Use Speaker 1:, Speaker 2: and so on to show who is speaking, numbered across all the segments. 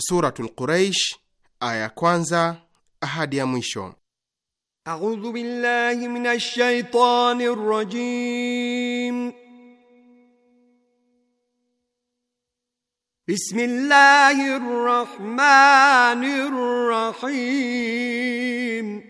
Speaker 1: Suratul Quraish aya kwanza ahadi ya mwisho.
Speaker 2: A'udhu billahi minash shaitanir rajim. Bismillahir rahmanir rahim.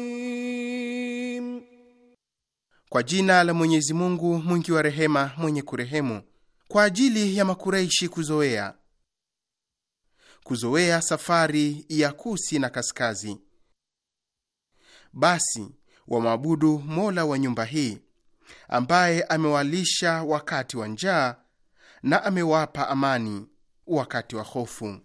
Speaker 1: Kwa jina la Mwenyezi Mungu mwingi wa rehema, mwenye kurehemu. Kwa ajili ya Makureishi kuzoea kuzoea safari ya kusi na kaskazi, basi wamwabudu Mola wa nyumba hii ambaye amewalisha wakati wa njaa na amewapa amani wakati wa hofu.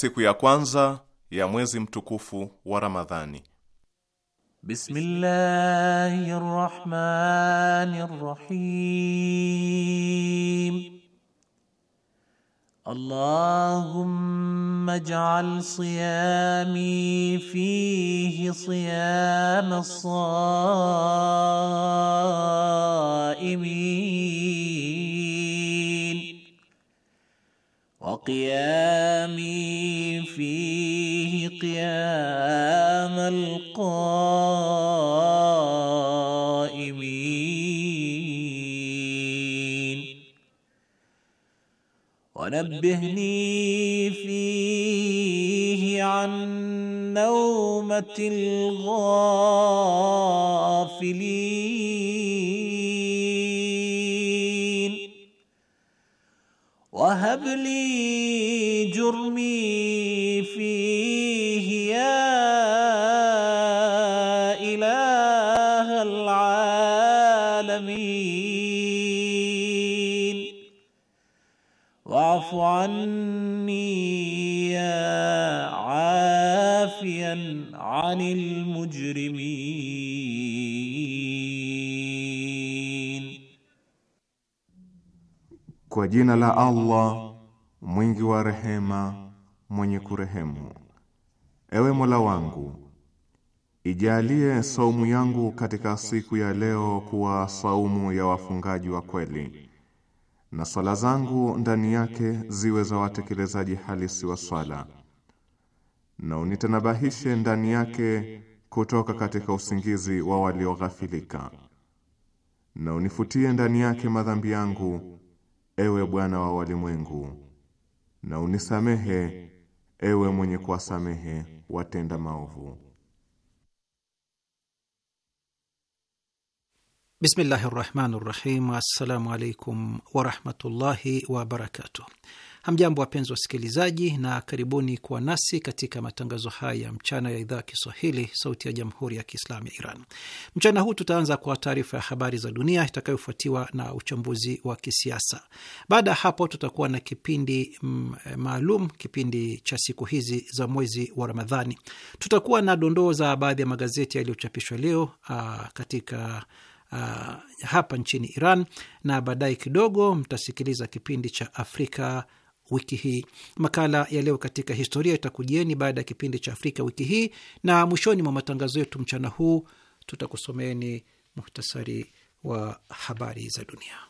Speaker 3: siku ya kwanza ya mwezi mtukufu wa Ramadhani.
Speaker 2: Bismillahir Rahmanir Rahim. Allahumma ij'al siyami fihi siyama as saimin وقيامي فيه قيام القائمين ونبهني فيه عن نومة الغافلين وهب لي جرمي فيه يا إله العالمين واعف عني يا عافيا عن المجرمين
Speaker 3: Kwa jina la Allah mwingi wa rehema, mwenye kurehemu. Ewe Mola wangu, ijalie saumu yangu katika siku ya leo kuwa saumu ya wafungaji wa kweli, na swala zangu ndani yake ziwe za watekelezaji halisi wa swala, na unitanabahishe ndani yake kutoka katika usingizi wa walioghafilika, na unifutie ndani yake madhambi yangu ewe Bwana wa walimwengu, na unisamehe, ewe mwenye kuwasamehe watenda maovu.
Speaker 4: Bismillahi rahmani rahim. Assalamu alaikum warahmatullahi wabarakatuh. Hamjambo, wapenzi wasikilizaji, na karibuni kuwa nasi katika matangazo haya ya mchana ya idhaa ya Kiswahili, Sauti ya Jamhuri ya Kiislamu ya Iran. Mchana huu tutaanza kwa taarifa ya habari za dunia itakayofuatiwa na uchambuzi wa kisiasa. Baada ya hapo, tutakuwa na kipindi mm, maalum, kipindi cha siku hizi za mwezi wa Ramadhani. Tutakuwa na dondoo za baadhi ya magazeti yaliyochapishwa leo aa, ah, katika Uh, hapa nchini Iran, na baadaye kidogo mtasikiliza kipindi cha Afrika wiki hii. Makala ya leo katika historia itakujieni baada ya kipindi cha Afrika wiki hii, na mwishoni mwa matangazo yetu mchana huu tutakusomeeni muhtasari wa habari za dunia.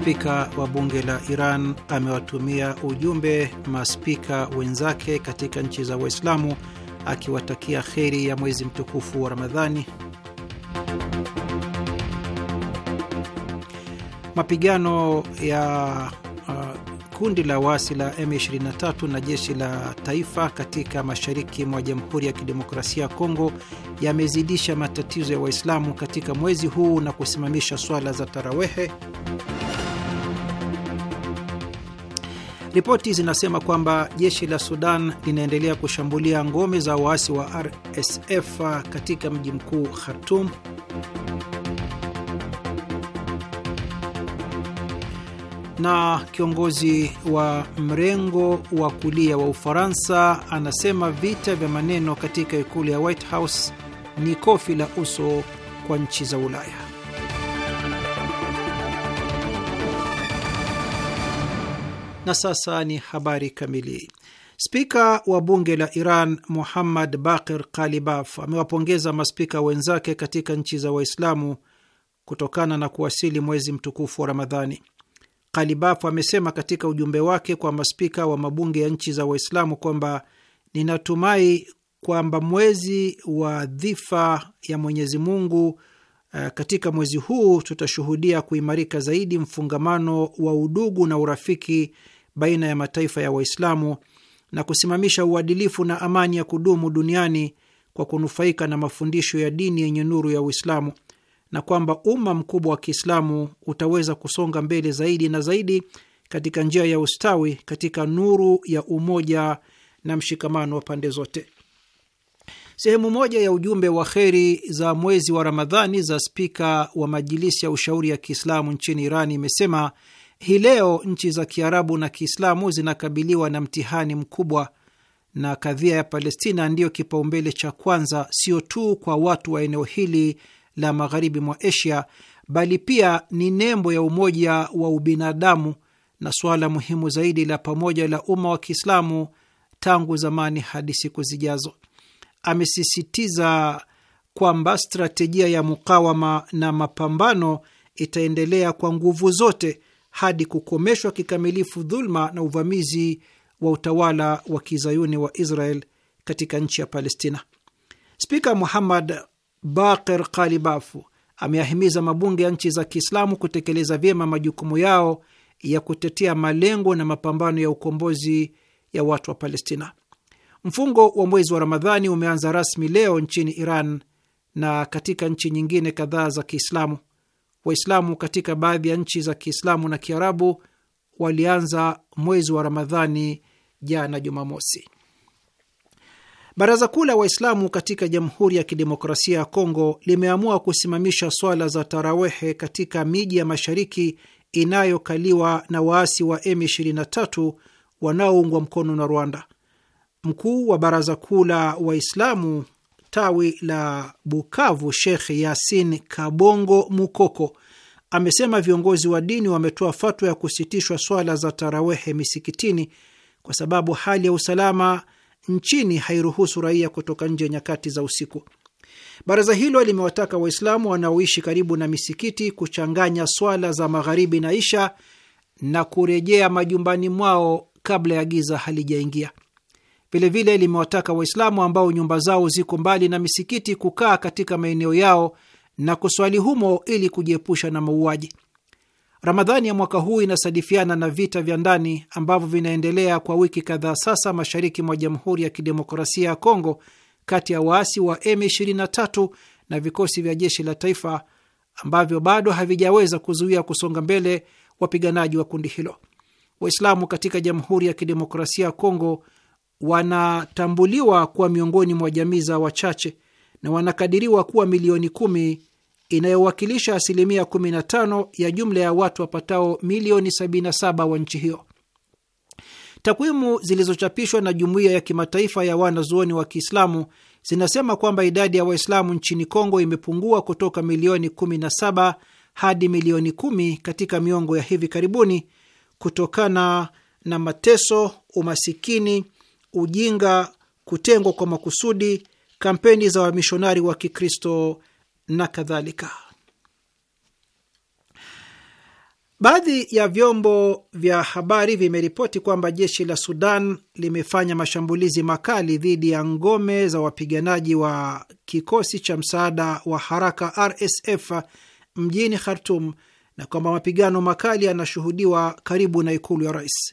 Speaker 4: Spika wa bunge la Iran amewatumia ujumbe maspika wenzake katika nchi za Waislamu akiwatakia kheri ya mwezi mtukufu wa Ramadhani. Mapigano ya uh, kundi la wasi la M23 na jeshi la taifa katika mashariki mwa Jamhuri ya Kidemokrasia ya Kongo yamezidisha matatizo ya Waislamu katika mwezi huu na kusimamisha swala za tarawehe. Ripoti zinasema kwamba jeshi la Sudan linaendelea kushambulia ngome za waasi wa RSF katika mji mkuu Khartum. Na kiongozi wa mrengo wa kulia wa Ufaransa anasema vita vya maneno katika ikulu ya White House ni kofi la uso kwa nchi za Ulaya. Na sasa ni habari kamili. Spika wa bunge la Iran Muhammad Bakir Kalibaf amewapongeza maspika wenzake katika nchi za Waislamu kutokana na kuwasili mwezi mtukufu wa Ramadhani. Kalibaf amesema katika ujumbe wake kwa maspika wa mabunge ya nchi za Waislamu kwamba ninatumai kwamba mwezi wa dhifa ya Mwenyezi Mungu Eh, katika mwezi huu tutashuhudia kuimarika zaidi mfungamano wa udugu na urafiki baina ya mataifa ya Waislamu na kusimamisha uadilifu na amani ya kudumu duniani kwa kunufaika na mafundisho ya dini yenye nuru ya Uislamu na kwamba umma mkubwa wa Kiislamu utaweza kusonga mbele zaidi na zaidi katika njia ya ustawi katika nuru ya umoja na mshikamano wa pande zote. Sehemu moja ya ujumbe wa kheri za mwezi wa Ramadhani za spika wa Majilisi ya Ushauri ya Kiislamu nchini Irani imesema hii leo nchi za Kiarabu na Kiislamu zinakabiliwa na mtihani mkubwa, na kadhia ya Palestina ndiyo kipaumbele cha kwanza, sio tu kwa watu wa eneo hili la magharibi mwa Asia, bali pia ni nembo ya umoja wa ubinadamu na suala muhimu zaidi la pamoja la umma wa Kiislamu tangu zamani hadi siku zijazo amesisitiza kwamba stratejia ya mukawama na mapambano itaendelea kwa nguvu zote hadi kukomeshwa kikamilifu dhuluma na uvamizi wa utawala wa kizayuni wa Israel katika nchi ya Palestina. Spika Muhammad Baqir Kalibafu ameahimiza mabunge ya nchi za Kiislamu kutekeleza vyema majukumu yao ya kutetea malengo na mapambano ya ukombozi ya watu wa Palestina. Mfungo wa mwezi wa Ramadhani umeanza rasmi leo nchini Iran na katika nchi nyingine kadhaa za Kiislamu. Waislamu katika baadhi ya nchi za Kiislamu na Kiarabu walianza mwezi wa Ramadhani jana Jumamosi. Baraza Kuu la Waislamu katika Jamhuri ya Kidemokrasia ya Kongo limeamua kusimamisha swala za tarawehe katika miji ya mashariki inayokaliwa na waasi wa M23 wanaoungwa mkono na Rwanda. Mkuu wa Baraza Kuu la Waislamu tawi la Bukavu, Sheikh Yasin Kabongo Mukoko amesema viongozi wa dini wametoa fatwa ya kusitishwa swala za tarawehe misikitini kwa sababu hali ya usalama nchini hairuhusu raia kutoka nje nyakati za usiku. Baraza hilo limewataka Waislamu wanaoishi karibu na misikiti kuchanganya swala za magharibi na isha na kurejea majumbani mwao kabla ya giza halijaingia. Vilevile limewataka Waislamu ambao nyumba zao ziko mbali na misikiti kukaa katika maeneo yao na kuswali humo ili kujiepusha na mauaji. Ramadhani ya mwaka huu inasadifiana na vita vya ndani ambavyo vinaendelea kwa wiki kadhaa sasa mashariki mwa Jamhuri ya Kidemokrasia ya Kongo kati ya waasi wa M23 na vikosi vya jeshi la taifa ambavyo bado havijaweza kuzuia kusonga mbele wapiganaji wa kundi hilo. Waislamu katika Jamhuri ya Kidemokrasia ya Kongo wanatambuliwa kuwa miongoni mwa jamii za wachache na wanakadiriwa kuwa milioni kumi inayowakilisha asilimia 15 ya jumla ya watu wapatao milioni 77 wa nchi hiyo. Takwimu zilizochapishwa na Jumuiya ya Kimataifa ya Wanazuoni wa Kiislamu zinasema kwamba idadi ya Waislamu nchini Kongo imepungua kutoka milioni 17 hadi milioni 10 katika miongo ya hivi karibuni kutokana na mateso, umasikini ujinga, kutengwa kwa makusudi, kampeni za wamishonari wa Kikristo na kadhalika. Baadhi ya vyombo vya habari vimeripoti kwamba jeshi la Sudan limefanya mashambulizi makali dhidi ya ngome za wapiganaji wa kikosi cha msaada wa haraka RSF mjini Khartum na kwamba mapigano makali yanashuhudiwa karibu na ikulu ya rais.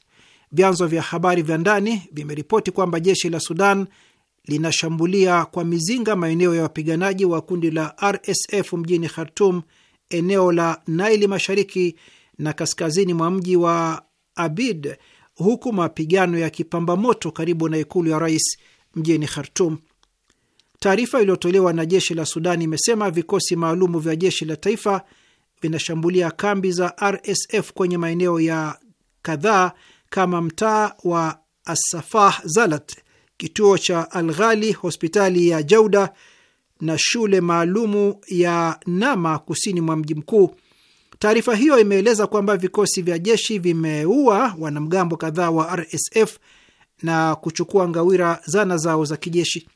Speaker 4: Vyanzo vya habari vya ndani vimeripoti kwamba jeshi la Sudan linashambulia kwa mizinga maeneo ya wapiganaji wa kundi la RSF mjini Khartum, eneo la Naili mashariki na kaskazini mwa mji wa Abid, huku mapigano ya kipamba moto karibu na ikulu ya rais mjini Khartum. Taarifa iliyotolewa na jeshi la Sudan imesema vikosi maalumu vya jeshi la taifa vinashambulia kambi za RSF kwenye maeneo ya kadhaa kama mtaa wa Asafah Zalat, kituo cha Alghali, hospitali ya Jauda na shule maalumu ya Nama kusini mwa mji mkuu. Taarifa hiyo imeeleza kwamba vikosi vya jeshi vimeua wanamgambo kadhaa wa RSF na kuchukua ngawira zana zao za kijeshi.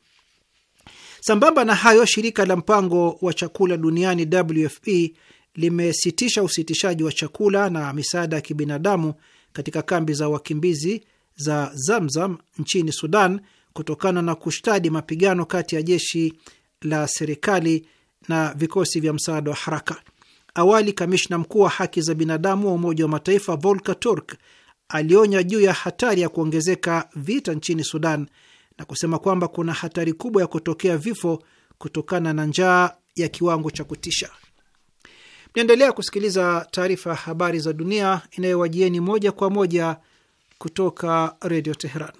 Speaker 4: Sambamba na hayo, shirika la mpango wa chakula duniani WFP limesitisha usitishaji wa chakula na misaada ya kibinadamu katika kambi za wakimbizi za Zamzam nchini Sudan kutokana na kushtadi mapigano kati ya jeshi la serikali na vikosi vya msaada wa haraka. Awali, kamishna mkuu wa haki za binadamu wa Umoja wa Mataifa Volker Turk alionya juu ya hatari ya kuongezeka vita nchini Sudan na kusema kwamba kuna hatari kubwa ya kutokea vifo kutokana na njaa ya kiwango cha kutisha. Mnaendelea kusikiliza taarifa ya habari za dunia inayowajieni moja kwa moja kutoka redio Teheran.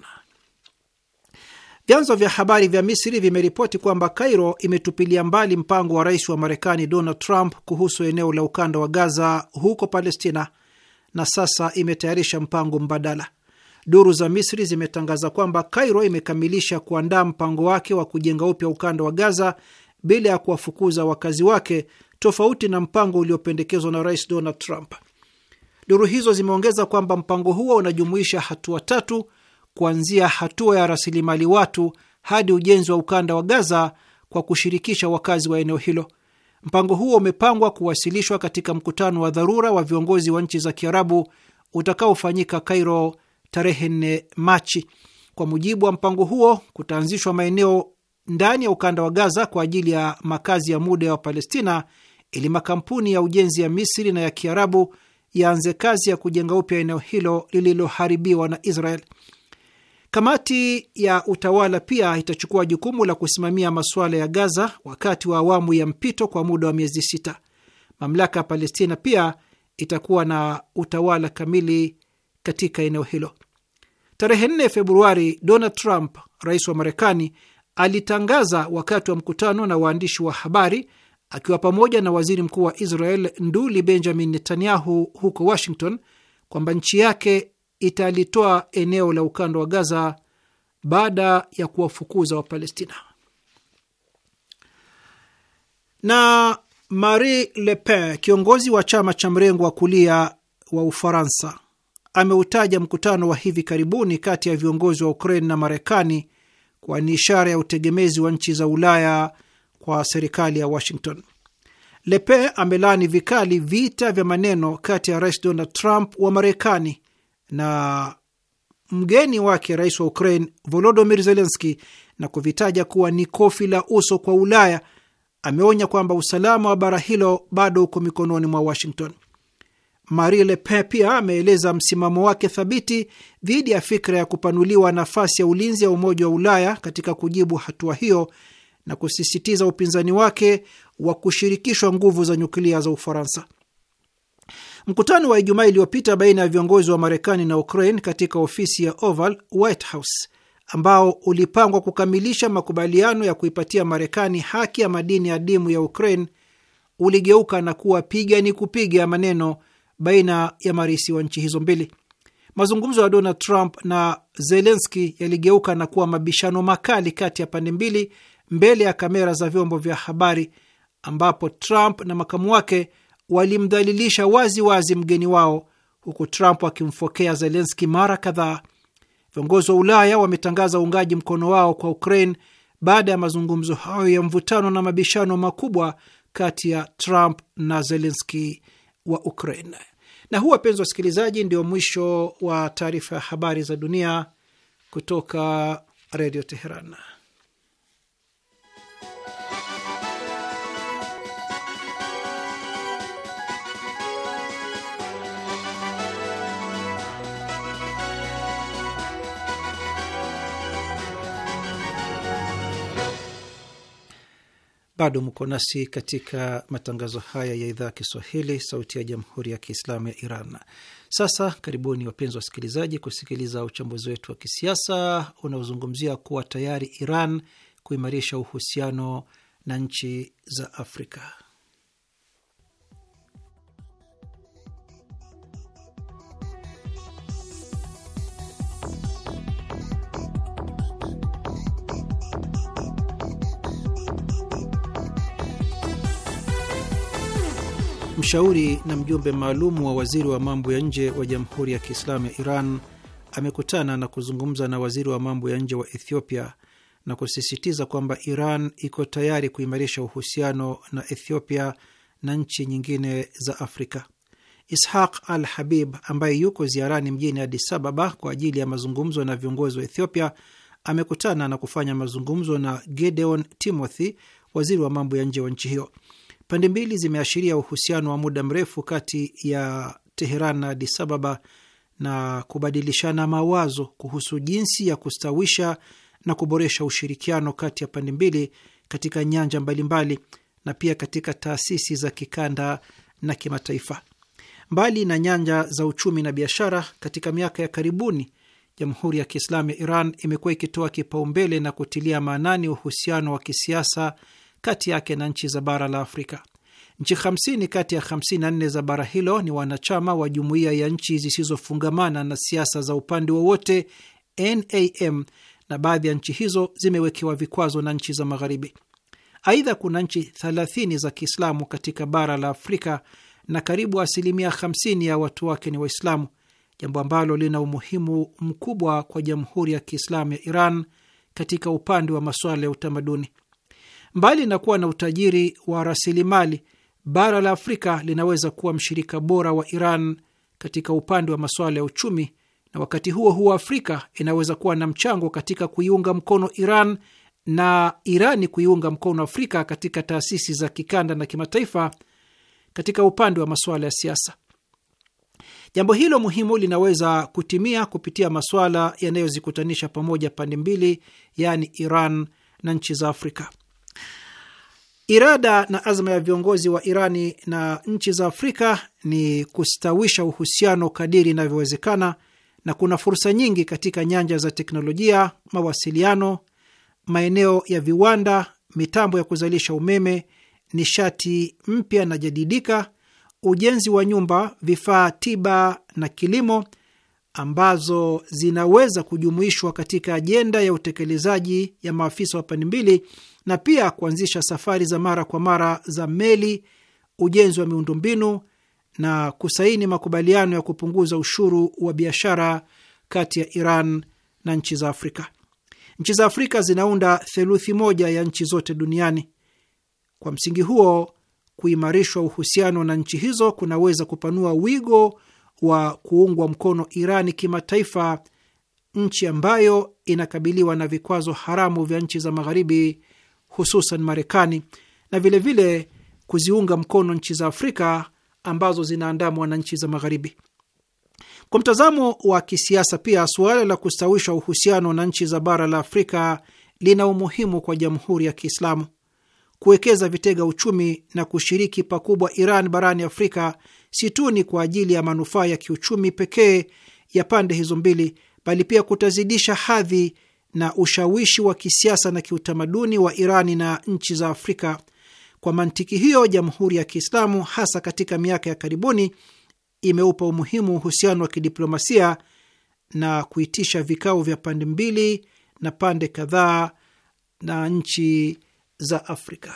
Speaker 4: Vyanzo vya habari vya Misri vimeripoti kwamba cairo imetupilia mbali mpango wa rais wa Marekani Donald Trump kuhusu eneo la ukanda wa Gaza huko Palestina na sasa imetayarisha mpango mbadala. Duru za Misri zimetangaza kwamba cairo imekamilisha kuandaa mpango wake wa kujenga upya ukanda wa Gaza bila ya kuwafukuza wakazi wake tofauti na mpango uliopendekezwa na Rais Donald Trump. Duru hizo zimeongeza kwamba mpango huo unajumuisha hatua tatu, kuanzia hatua ya rasilimali watu hadi ujenzi wa ukanda wa Gaza kwa kushirikisha wakazi wa eneo hilo. Mpango huo umepangwa kuwasilishwa katika mkutano wa dharura wa viongozi wa nchi za Kiarabu utakaofanyika Cairo tarehe 4 Machi. Kwa mujibu wa mpango huo, kutaanzishwa maeneo ndani ya ukanda wa Gaza kwa ajili ya makazi ya muda ya Wapalestina ili makampuni ya ujenzi ya Misri na ya Kiarabu yaanze kazi ya kujenga upya eneo hilo lililoharibiwa na Israel. Kamati ya utawala pia itachukua jukumu la kusimamia masuala ya Gaza wakati wa awamu ya mpito kwa muda wa miezi sita. Mamlaka ya Palestina pia itakuwa na utawala kamili katika eneo hilo. Tarehe 4 Februari, Donald Trump, rais wa Marekani, alitangaza wakati wa mkutano na waandishi wa habari akiwa pamoja na waziri mkuu wa Israel Nduli Benjamin Netanyahu huko Washington kwamba nchi yake italitoa eneo la ukanda wa Gaza baada ya kuwafukuza Wapalestina. Na Marie Le Pen, kiongozi wa chama cha mrengo wa kulia wa Ufaransa, ameutaja mkutano wa hivi karibuni kati ya viongozi wa Ukraine na Marekani kwa ni ishara ya utegemezi wa nchi za Ulaya kwa serikali ya Washington. Lepe amelaani vikali vita vya maneno kati ya Rais Donald Trump wa Marekani na mgeni wake rais wa Ukraine Volodymyr Zelensky na kuvitaja kuwa ni kofi la uso kwa Ulaya. Ameonya kwamba usalama wa bara hilo bado uko mikononi mwa Washington. Marie Le Pen pia ameeleza msimamo wake thabiti dhidi ya fikra ya kupanuliwa nafasi ya ulinzi ya Umoja wa Ulaya katika kujibu hatua hiyo na kusisitiza upinzani wake wa kushirikishwa nguvu za nyuklia za Ufaransa. Mkutano wa Ijumaa iliyopita baina ya viongozi wa Marekani na Ukraine katika ofisi ya Oval White House, ambao ulipangwa kukamilisha makubaliano ya kuipatia Marekani haki ya madini adimu ya Ukraine uligeuka na kuwa piga ni kupiga maneno baina ya marisi wa nchi hizo mbili. Mazungumzo ya Donald Trump na Zelenski yaligeuka na kuwa mabishano makali kati ya pande mbili mbele ya kamera za vyombo vya habari, ambapo Trump na makamu wake walimdhalilisha wazi wazi mgeni wao, huku Trump akimfokea Zelenski mara kadhaa. Viongozi wa Ulaya wametangaza uungaji mkono wao kwa Ukraine baada ya mazungumzo hayo ya mvutano na mabishano makubwa kati ya Trump na Zelenski wa Ukraine. Na huu, wapenzi wa wasikilizaji, ndio mwisho wa taarifa ya habari za dunia kutoka Redio Teheran. Bado mko nasi katika matangazo haya ya idhaa ya Kiswahili, sauti ya jamhuri ya kiislamu ya Iran. Sasa karibuni wapenzi wasikilizaji, kusikiliza uchambuzi wetu wa kisiasa unaozungumzia kuwa tayari Iran kuimarisha uhusiano na nchi za Afrika. Mshauri na mjumbe maalum wa waziri wa mambo ya nje wa Jamhuri ya Kiislamu ya Iran amekutana na kuzungumza na waziri wa mambo ya nje wa Ethiopia na kusisitiza kwamba Iran iko tayari kuimarisha uhusiano na Ethiopia na nchi nyingine za Afrika. Ishaq Al Habib ambaye yuko ziarani mjini Addis Ababa kwa ajili ya mazungumzo na viongozi wa Ethiopia amekutana na kufanya mazungumzo na Gedeon Timothy, waziri wa mambo ya nje wa nchi hiyo. Pande mbili zimeashiria uhusiano wa muda mrefu kati ya Teheran na Addis Ababa na kubadilishana mawazo kuhusu jinsi ya kustawisha na kuboresha ushirikiano kati ya pande mbili katika nyanja mbalimbali na pia katika taasisi za kikanda na kimataifa. Mbali na nyanja za uchumi na biashara, katika miaka ya karibuni Jamhuri ya Kiislamu ya Iran imekuwa ikitoa kipaumbele na kutilia maanani uhusiano wa kisiasa kati yake na nchi za bara la Afrika. Nchi 50 kati ya 54 za bara hilo ni wanachama wa jumuiya ya nchi zisizofungamana na siasa za upande wowote NAM, na baadhi ya nchi hizo zimewekewa vikwazo na nchi za Magharibi. Aidha, kuna nchi 30 za Kiislamu katika bara la Afrika na karibu asilimia 50 ya watu wake ni Waislamu, jambo ambalo lina umuhimu mkubwa kwa Jamhuri ya Kiislamu ya Iran katika upande wa masuala ya utamaduni. Mbali na kuwa na utajiri wa rasilimali, bara la Afrika linaweza kuwa mshirika bora wa Iran katika upande wa masuala ya uchumi, na wakati huo huo Afrika inaweza kuwa na mchango katika kuiunga mkono Iran na Irani kuiunga mkono Afrika katika taasisi za kikanda na kimataifa katika upande wa masuala ya siasa. Jambo hilo muhimu linaweza kutimia kupitia masuala yanayozikutanisha pamoja pande mbili, yaani Iran na nchi za Afrika. Irada na azma ya viongozi wa Irani na nchi za Afrika ni kustawisha uhusiano kadiri inavyowezekana, na kuna fursa nyingi katika nyanja za teknolojia, mawasiliano, maeneo ya viwanda, mitambo ya kuzalisha umeme, nishati mpya na jadidika, ujenzi wa nyumba, vifaa tiba na kilimo, ambazo zinaweza kujumuishwa katika ajenda ya utekelezaji ya maafisa wa pande mbili na pia kuanzisha safari za mara kwa mara za meli, ujenzi wa miundombinu na kusaini makubaliano ya kupunguza ushuru wa biashara kati ya Iran na nchi za Afrika. Nchi za Afrika zinaunda theluthi moja ya nchi zote duniani. Kwa msingi huo, kuimarishwa uhusiano na nchi hizo kunaweza kupanua wigo wa kuungwa mkono Irani kimataifa, nchi ambayo inakabiliwa na vikwazo haramu vya nchi za Magharibi hususan Marekani na vilevile vile kuziunga mkono nchi za Afrika ambazo zinaandamwa na nchi za Magharibi. Kwa mtazamo wa kisiasa pia, suala la kustawisha uhusiano na nchi za bara la Afrika lina umuhimu kwa Jamhuri ya Kiislamu. Kuwekeza vitega uchumi na kushiriki pakubwa Iran barani Afrika si tu ni kwa ajili ya manufaa ya kiuchumi pekee ya pande hizo mbili, bali pia kutazidisha hadhi na ushawishi wa kisiasa na kiutamaduni wa Irani na nchi za Afrika. Kwa mantiki hiyo, Jamhuri ya Kiislamu hasa katika miaka ya karibuni imeupa umuhimu uhusiano wa kidiplomasia na kuitisha vikao vya pande mbili na pande kadhaa na nchi za Afrika.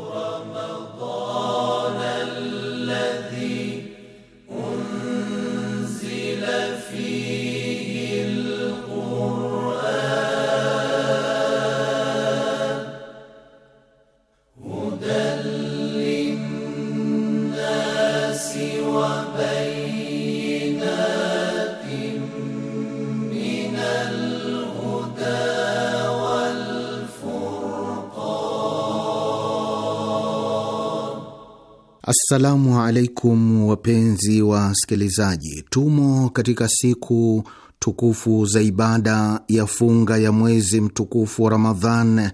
Speaker 1: Assalamu alaikum wapenzi wa wasikilizaji, tumo katika siku tukufu za ibada ya funga ya mwezi mtukufu wa Ramadhan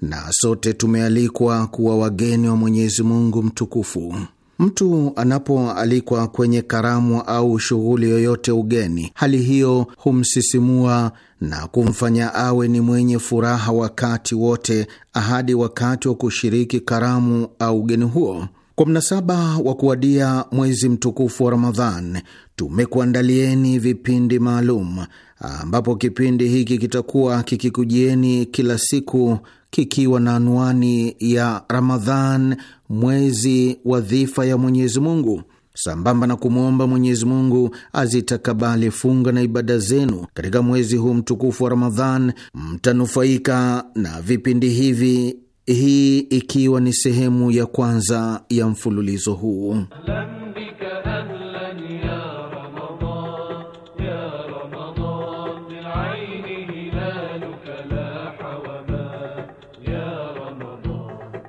Speaker 1: na sote tumealikwa kuwa wageni wa Mwenyezi Mungu mtukufu. Mtu anapoalikwa kwenye karamu au shughuli yoyote ugeni, hali hiyo humsisimua na kumfanya awe ni mwenye furaha wakati wote, ahadi wakati wa kushiriki karamu au ugeni huo. Kwa mnasaba wa kuwadia mwezi mtukufu wa Ramadhan, tumekuandalieni vipindi maalum, ambapo kipindi hiki kitakuwa kikikujieni kila siku kikiwa na anwani ya Ramadhan, mwezi wa dhifa ya Mwenyezi Mungu, sambamba na kumwomba Mwenyezi Mungu azitakabali funga na ibada zenu katika mwezi huu mtukufu wa Ramadhan. Mtanufaika na vipindi hivi hii ikiwa ni sehemu ya kwanza ya mfululizo huu.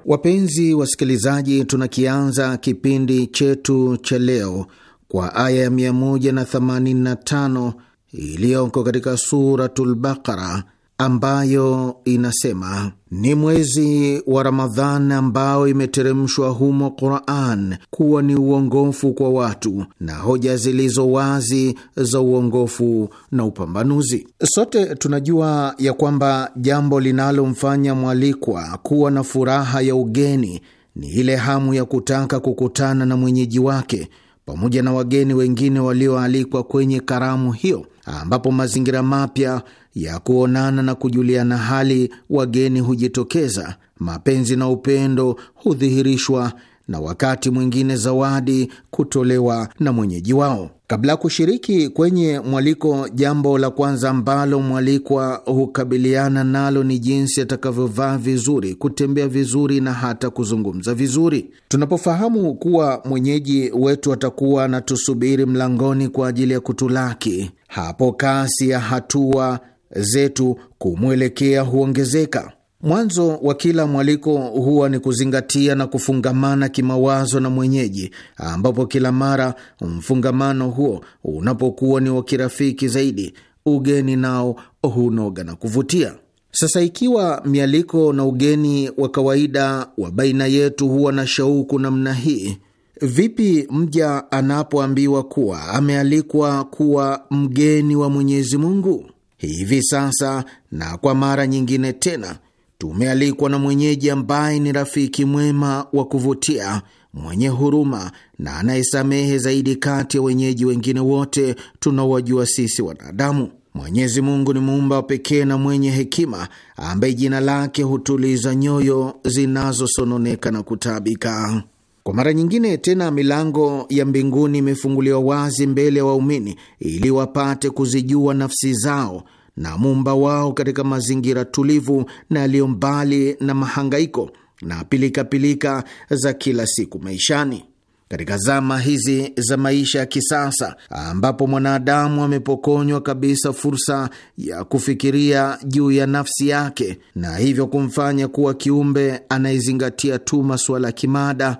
Speaker 1: Wapenzi wasikilizaji, tunakianza kipindi chetu cha leo kwa aya ya 185 iliyoko katika Suratul Baqara ambayo inasema ni mwezi wa ramadhan ambao imeteremshwa humo Quran kuwa ni uongofu kwa watu na hoja zilizo wazi za uongofu na upambanuzi. Sote tunajua ya kwamba jambo linalomfanya mwalikwa kuwa na furaha ya ugeni ni ile hamu ya kutaka kukutana na mwenyeji wake pamoja na wageni wengine walioalikwa kwenye karamu hiyo, ambapo mazingira mapya ya kuonana na kujuliana hali, wageni hujitokeza, mapenzi na upendo hudhihirishwa na wakati mwingine zawadi kutolewa na mwenyeji wao. Kabla ya kushiriki kwenye mwaliko, jambo la kwanza ambalo mwalikwa hukabiliana nalo ni jinsi atakavyovaa vizuri, kutembea vizuri na hata kuzungumza vizuri. Tunapofahamu kuwa mwenyeji wetu atakuwa anatusubiri mlangoni kwa ajili ya kutulaki, hapo kasi ya hatua zetu kumwelekea huongezeka. Mwanzo wa kila mwaliko huwa ni kuzingatia na kufungamana kimawazo na mwenyeji, ambapo kila mara mfungamano huo unapokuwa ni wa kirafiki zaidi, ugeni nao hunoga na kuvutia. Sasa ikiwa mialiko na ugeni wa kawaida wa baina yetu huwa na shauku namna hii, vipi mja anapoambiwa kuwa amealikwa kuwa mgeni wa Mwenyezi Mungu? Hivi sasa na kwa mara nyingine tena tumealikwa na mwenyeji ambaye ni rafiki mwema wa kuvutia, mwenye huruma na anayesamehe zaidi kati ya wenyeji wengine wote tunaowajua sisi wanadamu. Mwenyezi Mungu ni muumba wa pekee na mwenye hekima ambaye jina lake hutuliza nyoyo zinazosononeka na kutabika. Kwa mara nyingine tena, milango ya mbinguni imefunguliwa wazi mbele ya wa waumini ili wapate kuzijua nafsi zao na muumba wao katika mazingira tulivu na yaliyo mbali na mahangaiko na pilikapilika pilika za kila siku maishani. Katika zama hizi za maisha ya kisasa ambapo mwanadamu amepokonywa kabisa fursa ya kufikiria juu ya nafsi yake na hivyo kumfanya kuwa kiumbe anayezingatia tu masuala ya kimada,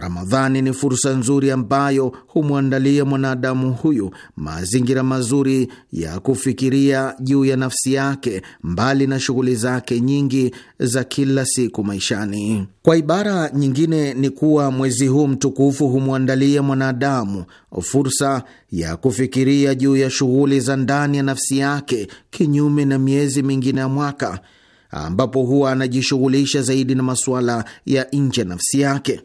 Speaker 1: Ramadhani ni fursa nzuri ambayo humwandalia mwanadamu huyu mazingira mazuri ya kufikiria juu ya nafsi yake, mbali na shughuli zake nyingi za kila siku maishani. Kwa ibara nyingine, ni kuwa mwezi huu mtukufu humwandalia mwanadamu fursa ya kufikiria juu ya shughuli za ndani ya nafsi yake, kinyume na miezi mingine ya mwaka ambapo huwa anajishughulisha zaidi na masuala ya nje ya nafsi yake.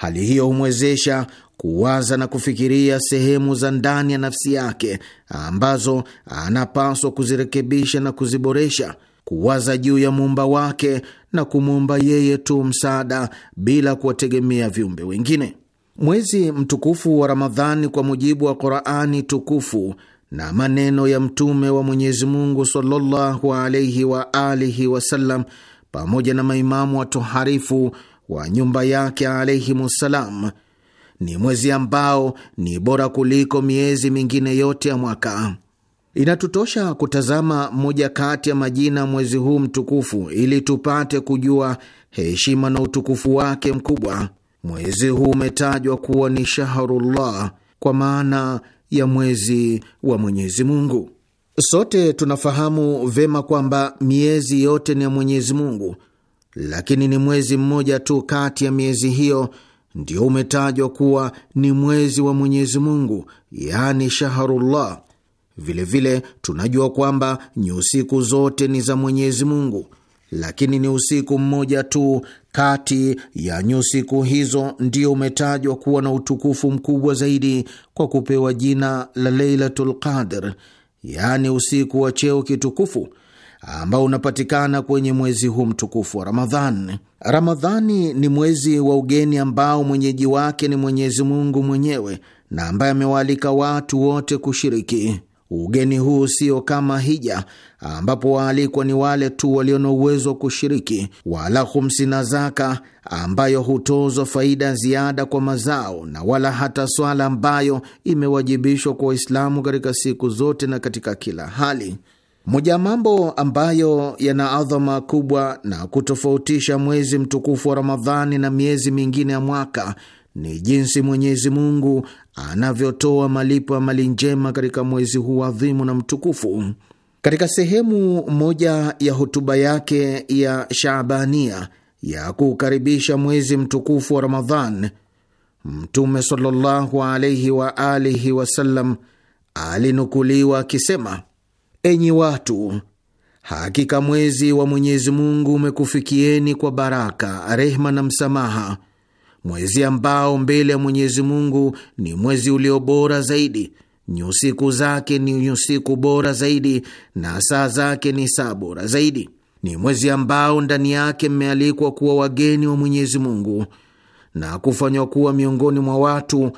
Speaker 1: Hali hiyo humwezesha kuwaza na kufikiria sehemu za ndani ya nafsi yake ambazo anapaswa kuzirekebisha na kuziboresha, kuwaza juu ya muumba wake na kumwomba yeye tu msaada bila kuwategemea viumbe wengine. Mwezi mtukufu wa Ramadhani, kwa mujibu wa Qurani tukufu na maneno ya Mtume wa Mwenyezi Mungu sallallahu alaihi wa alihi wasallam, pamoja na maimamu watoharifu wa nyumba yake alaihimussalam. Ni mwezi ambao ni bora kuliko miezi mingine yote ya mwaka. Inatutosha kutazama moja kati ya majina mwezi huu mtukufu ili tupate kujua heshima na utukufu wake mkubwa. Mwezi huu umetajwa kuwa ni Shahrullah kwa maana ya mwezi wa Mwenyezi Mungu. Sote tunafahamu vema kwamba miezi yote ni ya Mwenyezi Mungu lakini ni mwezi mmoja tu kati ya miezi hiyo ndio umetajwa kuwa ni mwezi wa Mwenyezi Mungu, yaani Shahrullah. Vilevile vile, tunajua kwamba usiku zote ni za Mwenyezi Mungu, lakini ni usiku mmoja tu kati ya nyusiku hizo ndio umetajwa kuwa na utukufu mkubwa zaidi kwa kupewa jina la Lailatul Qadr, yaani usiku wa cheo kitukufu ambao unapatikana kwenye mwezi huu mtukufu wa Ramadhan. Ramadhani ni mwezi wa ugeni ambao mwenyeji wake ni Mwenyezi Mungu mwenyewe na ambaye amewaalika watu wote kushiriki ugeni huu. Sio kama hija ambapo waalikwa ni wale tu walio na uwezo wa kushiriki, wala khumsi na zaka ambayo hutozwa faida ziada kwa mazao, na wala hata swala ambayo imewajibishwa kwa Waislamu katika siku zote na katika kila hali. Moja ya mambo ambayo yana adhama kubwa na kutofautisha mwezi mtukufu wa Ramadhani na miezi mingine ya mwaka ni jinsi Mwenyezi Mungu anavyotoa malipo ya mali njema katika mwezi huu adhimu na mtukufu. Katika sehemu moja ya hotuba yake ya shabania ya kukaribisha mwezi mtukufu wa Ramadhan, Mtume sallallahu alaihi wa alihi wasallam alinukuliwa akisema Enyi watu, hakika mwezi wa Mwenyezi Mungu umekufikieni kwa baraka, rehma na msamaha, mwezi ambao mbele ya Mwenyezi Mungu ni mwezi ulio bora zaidi, nyusiku zake ni nyusiku bora zaidi na saa zake ni saa bora zaidi. Ni mwezi ambao ndani yake mmealikwa kuwa wageni wa Mwenyezi Mungu na kufanywa kuwa miongoni mwa watu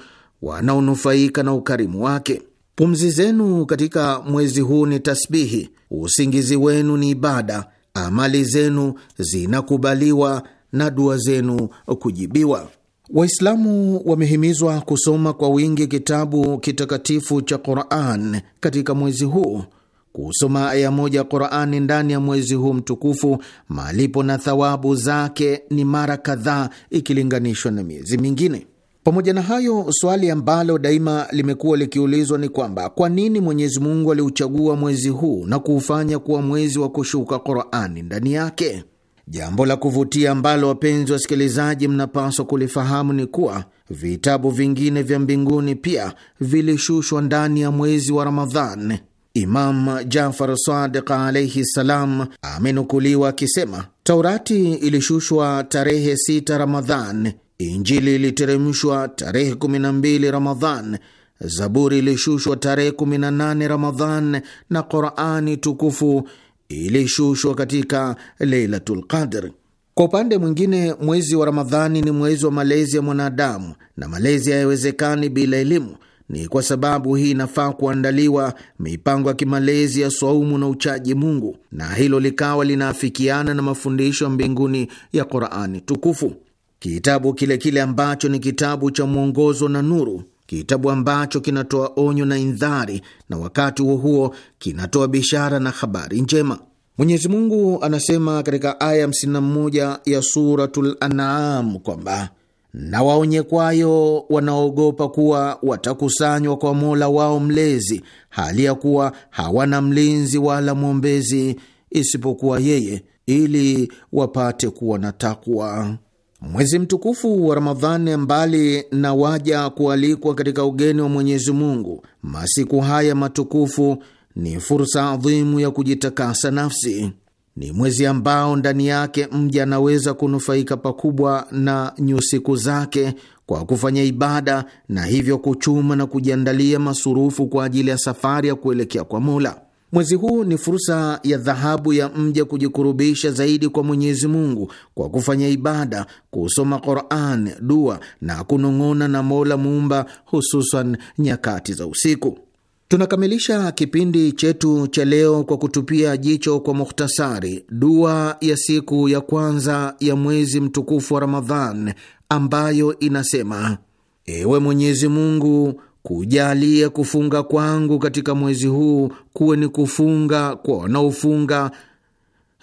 Speaker 1: wanaonufaika na ukarimu wake. Pumzi zenu katika mwezi huu ni tasbihi, usingizi wenu ni ibada, amali zenu zinakubaliwa na dua zenu kujibiwa. Waislamu wamehimizwa kusoma kwa wingi kitabu kitakatifu cha Quran katika mwezi huu. Kusoma aya moja ya Qurani ndani ya mwezi huu mtukufu, malipo na thawabu zake ni mara kadhaa ikilinganishwa na miezi mingine. Pamoja na hayo, swali ambalo daima limekuwa likiulizwa ni kwamba kwa nini Mwenyezi Mungu aliuchagua mwezi huu na kuufanya kuwa mwezi wa kushuka Qurani ndani yake. Jambo la kuvutia ambalo wapenzi wasikilizaji, mnapaswa kulifahamu ni kuwa vitabu vingine vya mbinguni pia vilishushwa ndani ya mwezi wa Ramadhan. Imam Jafar Sadiq alaihi ssalam amenukuliwa akisema Taurati ilishushwa tarehe 6 Ramadhan, Injili iliteremshwa tarehe 12 Ramadhan, Zaburi ilishushwa tarehe 18 Ramadhan na Qurani tukufu ilishushwa katika Leilatul Qadr. Kwa upande mwingine, mwezi wa Ramadhani ni mwezi wa malezi ya mwanadamu, na malezi hayawezekani bila elimu. Ni kwa sababu hii inafaa kuandaliwa mipango ya kimalezi ya swaumu na uchaji Mungu, na hilo likawa linaafikiana na mafundisho ya mbinguni ya Qurani tukufu kitabu kile kile ambacho ni kitabu cha mwongozo na nuru, kitabu ambacho kinatoa onyo na indhari, na wakati huo huo kinatoa bishara na habari njema. Mwenyezi Mungu anasema katika aya 51 ya Suratul An'am kwamba na waonye kwayo wanaogopa kuwa watakusanywa kwa Mola wao Mlezi, hali ya kuwa hawana mlinzi wala mwombezi isipokuwa yeye, ili wapate kuwa na takwa. Mwezi mtukufu wa Ramadhani, mbali na waja kualikwa katika ugeni wa Mwenyezi Mungu, masiku haya matukufu ni fursa adhimu ya kujitakasa nafsi. Ni mwezi ambao ndani yake mja anaweza kunufaika pakubwa na nyusiku zake kwa kufanya ibada na hivyo kuchuma na kujiandalia masurufu kwa ajili ya safari ya kuelekea kwa Mola. Mwezi huu ni fursa ya dhahabu ya mja kujikurubisha zaidi kwa Mwenyezi Mungu kwa kufanya ibada, kusoma Quran, dua na kunong'ona na Mola Muumba, hususan nyakati za usiku. Tunakamilisha kipindi chetu cha leo kwa kutupia jicho kwa mukhtasari dua ya siku ya kwanza ya mwezi mtukufu wa Ramadhan ambayo inasema: ewe Mwenyezi Mungu kujalia kufunga kwangu katika mwezi huu kuwe ni kufunga kwa wanaofunga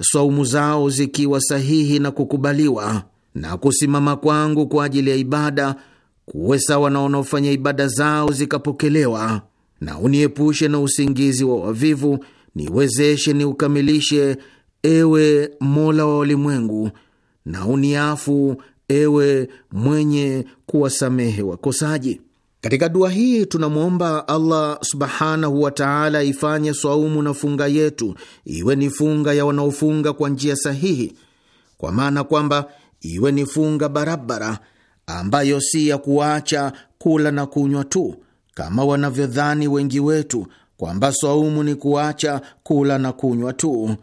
Speaker 1: saumu zao zikiwa sahihi na kukubaliwa, na kusimama kwangu kwa ajili ya ibada kuwe sawa na wanaofanya ibada zao zikapokelewa, na uniepushe na usingizi wa wavivu, niwezeshe niukamilishe, ewe Mola wa walimwengu, na uniafu, ewe mwenye kuwasamehe wakosaji. Katika dua hii tunamwomba Allah subhanahu wa taala ifanye swaumu na funga yetu iwe ni funga ya wanaofunga kwa njia sahihi, kwa maana kwamba iwe ni funga barabara ambayo si ya kuacha kula na kunywa tu kama wanavyodhani wengi wetu kwamba swaumu ni kuacha kula na kunywa tu,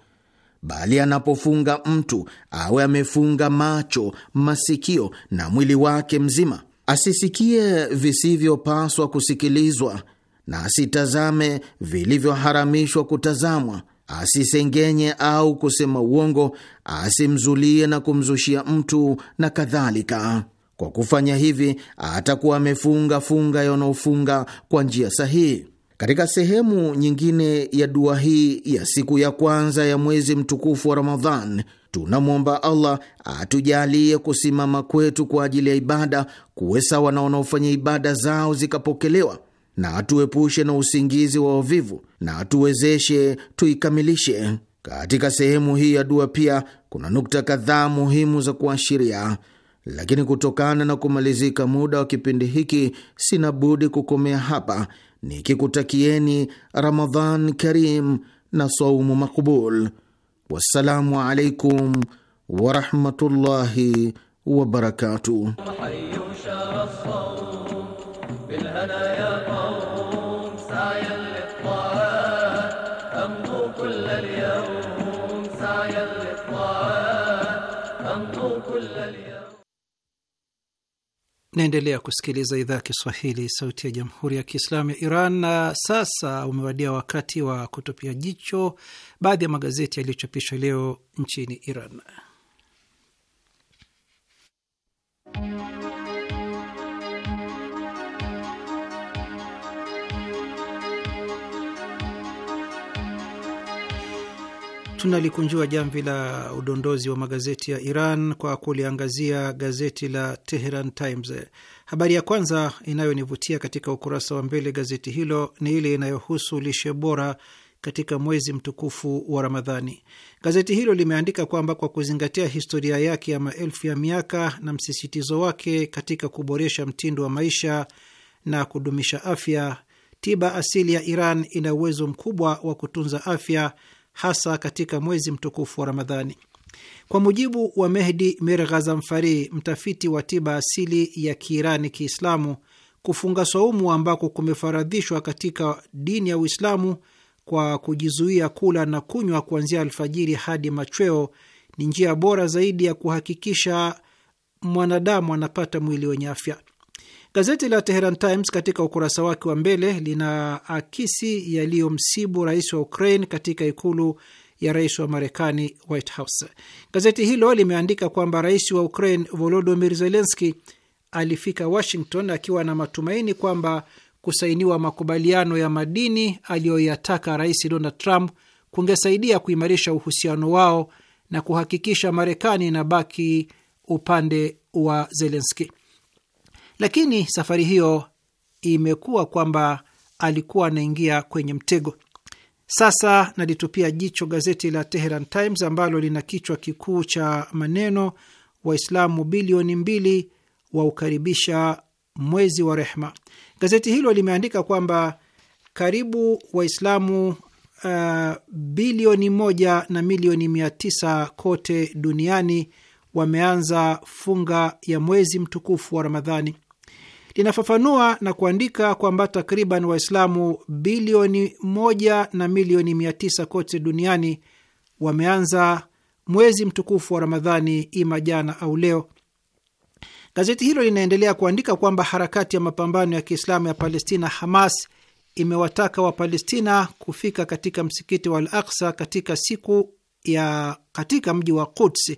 Speaker 1: bali anapofunga mtu awe amefunga macho, masikio na mwili wake mzima asisikie visivyopaswa kusikilizwa na asitazame vilivyoharamishwa kutazamwa, asisengenye au kusema uongo, asimzulie na kumzushia mtu na kadhalika. Kwa kufanya hivi, atakuwa amefunga funga yanaofunga kwa njia sahihi. Katika sehemu nyingine ya dua hii ya siku ya kwanza ya mwezi mtukufu wa Ramadhan, tunamwomba Allah atujalie kusimama kwetu kwa ajili ya ibada kuwe sawa na wanaofanya ibada zao zikapokelewa, na atuepushe na usingizi wa wavivu na atuwezeshe tuikamilishe. Katika sehemu hii ya dua pia kuna nukta kadhaa muhimu za kuashiria lakini kutokana na kumalizika muda wa kipindi hiki sina budi kukomea hapa, nikikutakieni Ramadhan karim na saumu makbul. Wassalamu alaikum warahmatullahi wabarakatuh.
Speaker 4: Naendelea kusikiliza idhaa ya Kiswahili, sauti ya jamhuri ya kiislamu ya Iran. Na sasa umewadia wakati wa kutupia jicho baadhi ya magazeti yaliyochapishwa leo nchini Iran. tunalikunjua jamvi la udondozi wa magazeti ya Iran kwa kuliangazia gazeti la Teheran Times. Habari ya kwanza inayonivutia katika ukurasa wa mbele gazeti hilo ni ile inayohusu lishe bora katika mwezi mtukufu wa Ramadhani. Gazeti hilo limeandika kwamba kwa kuzingatia historia yake ya maelfu ya miaka na msisitizo wake katika kuboresha mtindo wa maisha na kudumisha afya, tiba asili ya Iran ina uwezo mkubwa wa kutunza afya hasa katika mwezi mtukufu wa Ramadhani. Kwa mujibu wa Mehdi Mir mtafiti wa tiba asili ya Kiirani Kiislamu, kufunga saumu ambako kumefaradhishwa katika dini ya Uislamu kwa kujizuia kula na kunywa kuanzia alfajiri hadi machweo ni njia bora zaidi ya kuhakikisha mwanadamu anapata mwili wenye afya. Gazeti la Teheran Times katika ukurasa wake wa mbele lina akisi yaliyomsibu rais wa Ukraine katika ikulu ya rais wa Marekani, White House. Gazeti hilo limeandika kwamba rais wa Ukraine Volodymyr Zelensky alifika Washington akiwa na matumaini kwamba kusainiwa makubaliano ya madini aliyoyataka rais Donald Trump kungesaidia kuimarisha uhusiano wao na kuhakikisha Marekani inabaki upande wa Zelenski lakini safari hiyo imekuwa kwamba alikuwa anaingia kwenye mtego. Sasa nalitupia jicho gazeti la Teheran Times ambalo lina kichwa kikuu cha maneno Waislamu bilioni mbili waukaribisha mwezi wa rehma. Gazeti hilo limeandika kwamba karibu Waislamu uh, bilioni moja na milioni mia tisa kote duniani wameanza funga ya mwezi mtukufu wa Ramadhani linafafanua na kuandika kwamba takriban Waislamu bilioni moja na milioni mia tisa kote duniani wameanza mwezi mtukufu wa Ramadhani ima jana au leo. Gazeti hilo linaendelea kuandika kwamba harakati ya mapambano ya Kiislamu ya Palestina, Hamas, imewataka Wapalestina kufika katika msikiti wa Al Aksa katika siku ya katika mji wa Quds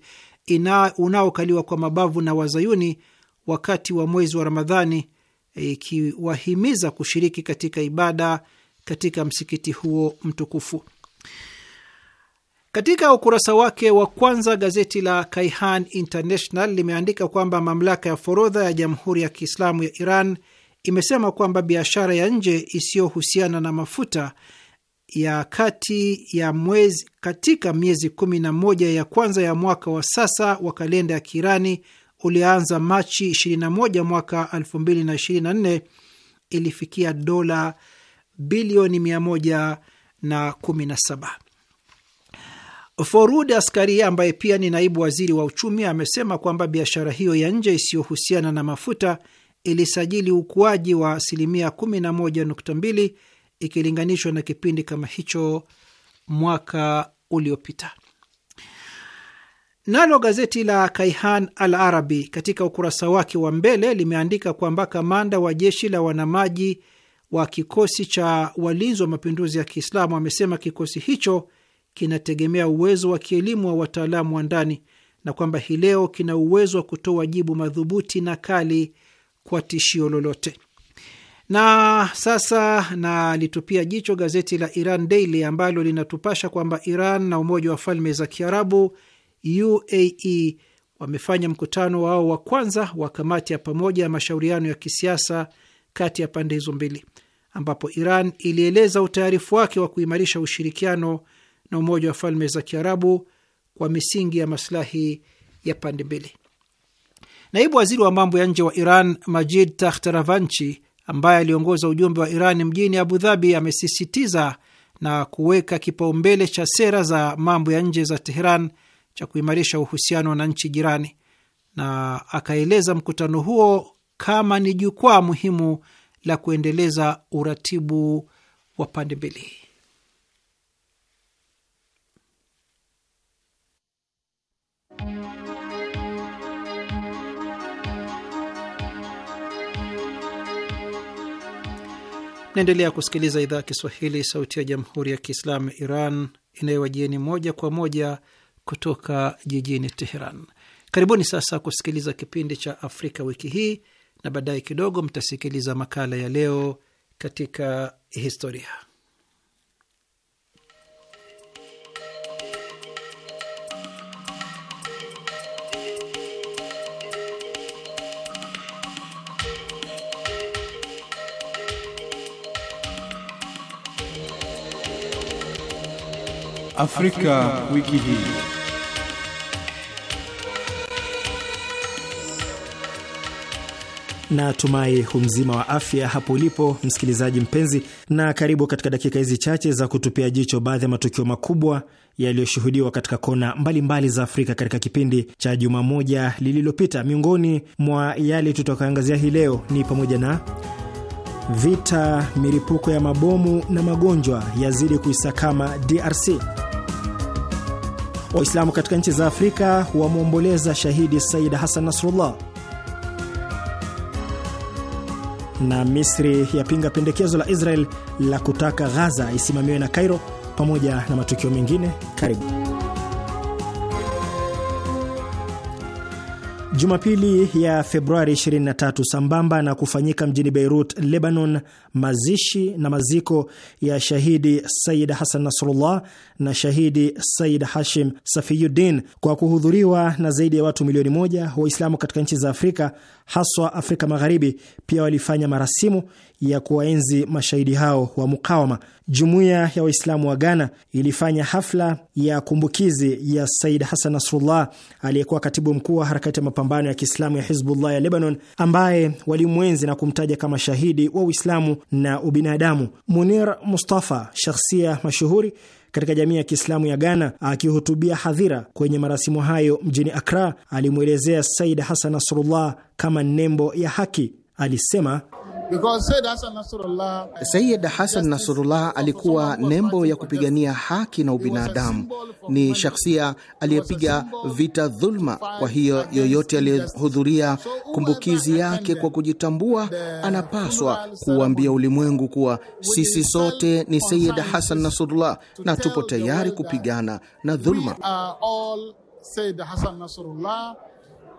Speaker 4: unaokaliwa kwa mabavu na Wazayuni wakati wa mwezi wa Ramadhani, ikiwahimiza kushiriki katika ibada katika msikiti huo mtukufu. Katika ukurasa wake wa kwanza gazeti la Kaihan International limeandika kwamba mamlaka ya forodha ya Jamhuri ya Kiislamu ya Iran imesema kwamba biashara ya nje isiyohusiana na mafuta ya kati ya mwezi katika miezi kumi na moja ya kwanza ya mwaka wa sasa wa kalenda ya Kiirani ulianza Machi 21 mwaka 2024 ilifikia dola bilioni 117. Forud Askaria, ambaye pia ni naibu waziri wa uchumi, amesema kwamba biashara hiyo ya nje isiyohusiana na mafuta ilisajili ukuaji wa asilimia 11.2 ikilinganishwa na kipindi kama hicho mwaka uliopita. Nalo gazeti la Kaihan Al Arabi katika ukurasa wake wa mbele limeandika kwamba kamanda wa jeshi la wanamaji wa kikosi cha walinzi wa mapinduzi ya Kiislamu amesema kikosi hicho kinategemea uwezo wa kielimu wa wataalamu wa ndani na kwamba hii leo kina uwezo wa kutoa jibu madhubuti na kali kwa tishio lolote. Na sasa nalitupia jicho gazeti la Iran Daily ambalo linatupasha kwamba Iran na Umoja wa Falme za Kiarabu UAE wamefanya mkutano wao wa kwanza wa kamati ya pamoja ya mashauriano ya kisiasa kati ya pande hizo mbili, ambapo Iran ilieleza utayarifu wake wa kuimarisha ushirikiano na Umoja wa Falme za Kiarabu kwa misingi ya masilahi ya pande mbili. Naibu waziri wa mambo ya nje wa Iran Majid Tahtaravanchi, ambaye aliongoza ujumbe wa Iran mjini Abu Dhabi, amesisitiza na kuweka kipaumbele cha sera za mambo ya nje za Teheran cha kuimarisha uhusiano na nchi jirani, na akaeleza mkutano huo kama ni jukwaa muhimu la kuendeleza uratibu wa pande mbili. Naendelea kusikiliza idhaa ya Kiswahili, sauti ya jamhuri ya kiislamu ya Iran inayowajieni moja kwa moja kutoka jijini Teheran. Karibuni sasa kusikiliza kipindi cha Afrika wiki hii, na baadaye kidogo mtasikiliza makala ya leo katika historia.
Speaker 3: Afrika, Afrika wiki hii. na tumai humzima wa afya hapo ulipo msikilizaji mpenzi, na karibu katika dakika hizi chache za kutupia jicho baadhi ya matukio makubwa yaliyoshuhudiwa katika kona mbalimbali mbali za Afrika katika kipindi cha juma moja lililopita. Miongoni mwa yale tutakayoangazia hii leo ni pamoja na vita, milipuko ya mabomu na magonjwa yazidi kuisakama DRC. Waislamu katika nchi za Afrika wamwomboleza shahidi Said Hassan Nasrullah na Misri yapinga pendekezo la Israel la kutaka Ghaza isimamiwe na Kairo, pamoja na matukio mengine. Karibu. Jumapili ya Februari 23 sambamba na kufanyika mjini Beirut, Lebanon, mazishi na maziko ya shahidi sayid Hassan Nasrullah na shahidi Said Hashim Safiyuddin kwa kuhudhuriwa na zaidi ya watu milioni moja. Waislamu katika nchi za Afrika haswa Afrika Magharibi pia walifanya marasimu ya kuwaenzi mashahidi hao wa mukawama. Jumuiya ya Waislamu wa Ghana ilifanya hafla ya kumbukizi ya Said Hassan Nasrullah aliyekuwa katibu mkuu wa harakati ya mapambano ya Kiislamu ya Hizbullah ya Lebanon, ambaye walimwenzi na kumtaja kama shahidi wa Uislamu na ubinadamu. Munir Mustafa, shakhsia mashuhuri katika jamii ya Kiislamu ya Ghana akihutubia hadhira kwenye marasimu hayo mjini akra alimwelezea Said Hassan Nasrullah kama nembo ya haki. Alisema Sayyid Hasan Nasrullah uh, alikuwa nembo ya kupigania haki na
Speaker 1: ubinadamu, ni shakhsia aliyepiga vita dhulma. Kwa hiyo yoyote aliyehudhuria kumbukizi yake kwa kujitambua, anapaswa kuuambia ulimwengu kuwa sisi sote ni Sayyid Hasan Nasrullah na tupo tayari
Speaker 3: kupigana na dhulma.